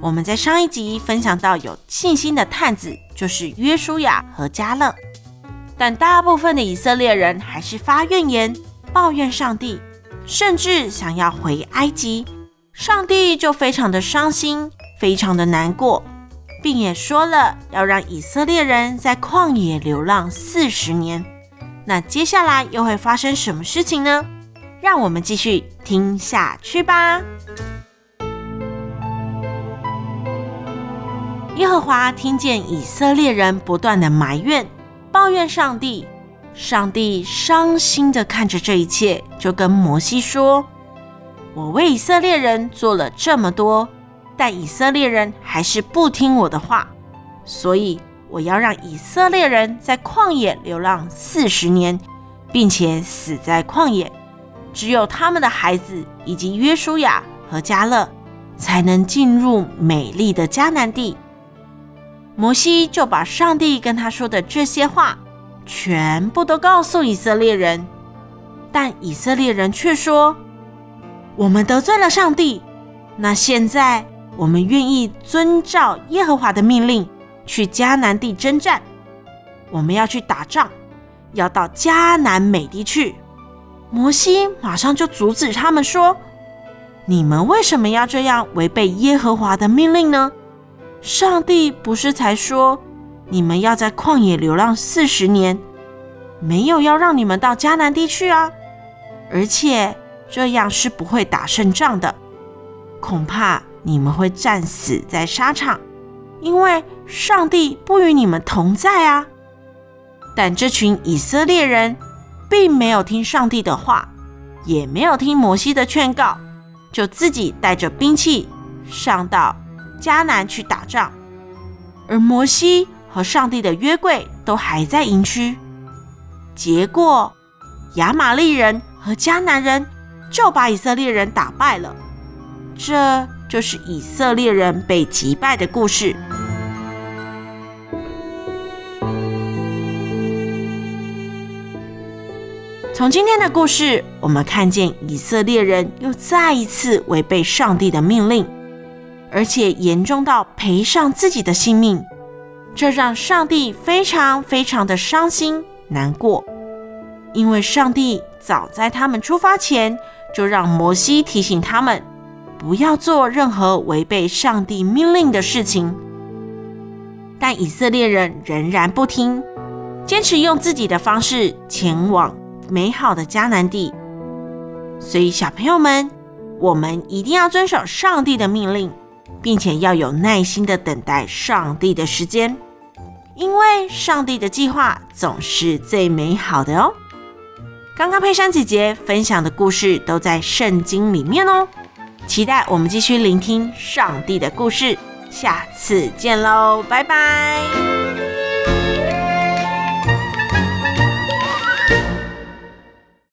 我們在上一集分享到，有信心的探子就是約書亞和迦勒，但大部分的以色列人還是發怨言、抱怨上帝，甚至想要回埃及。上帝就非常的傷心，非常的難過，並也說了要讓以色列人在曠野流浪四十年。那接下來又會發生什麼事情呢？讓我們繼續聽下去吧。耶和華聽見以色列人不斷的埋怨、抱怨上帝，上帝傷心的看着這一切，就跟摩西說：“我為以色列人做了這麼多，但以色列人還是不聽我的話，所以我要讓以色列人在曠野流浪四十年，並且死在曠野。只有他們的孩子以及約書亞和迦勒才能進入美麗的迦南地。”摩西就把上帝跟他說的這些話全部都告訴以色列人，但以色列人卻說：“我們得罪了上帝，那現在我們願意遵照耶和華的命令去迦南地征戰。我們要去打仗，要到迦南美地去。”摩西馬上就阻止他們說：“你們為什麼要這樣違背耶和華的命令呢？”上帝不是才說你們要在曠野流浪四十年，沒有要讓你們到迦南地去啊！而且這樣是不會打勝仗的，恐怕你們會戰死在沙場，因為上帝不與你們同在啊！但這群以色列人並沒有聽上帝的話，也沒有聽摩西的勸告，就自己帶着兵器上到。迦南去打仗，而摩西和上帝的約櫃都還在營區。結果，亞瑪力人和迦南人就把以色列人打敗了。這就是以色列人被擊敗的故事。從今天的故事，我們看見以色列人又再一次違背上帝的命令。而且嚴重到賠上自己的性命，這讓上帝非常非常的傷心難過。因為上帝早在他們出發前就讓摩西提醒他們，不要做任何違背上帝命令的事情，但以色列人仍然不聽，堅持用自己的方式前往美好的迦南地。所以，小朋友們，我們一定要遵守上帝的命令。並且要有耐心的等待上帝的時間，因為上帝的計劃總是最美好的哦。剛剛佩珊姐姐分享的故事都在聖經裡面哦。期待我們繼續聆聽上帝的故事，下次見嘍，拜拜。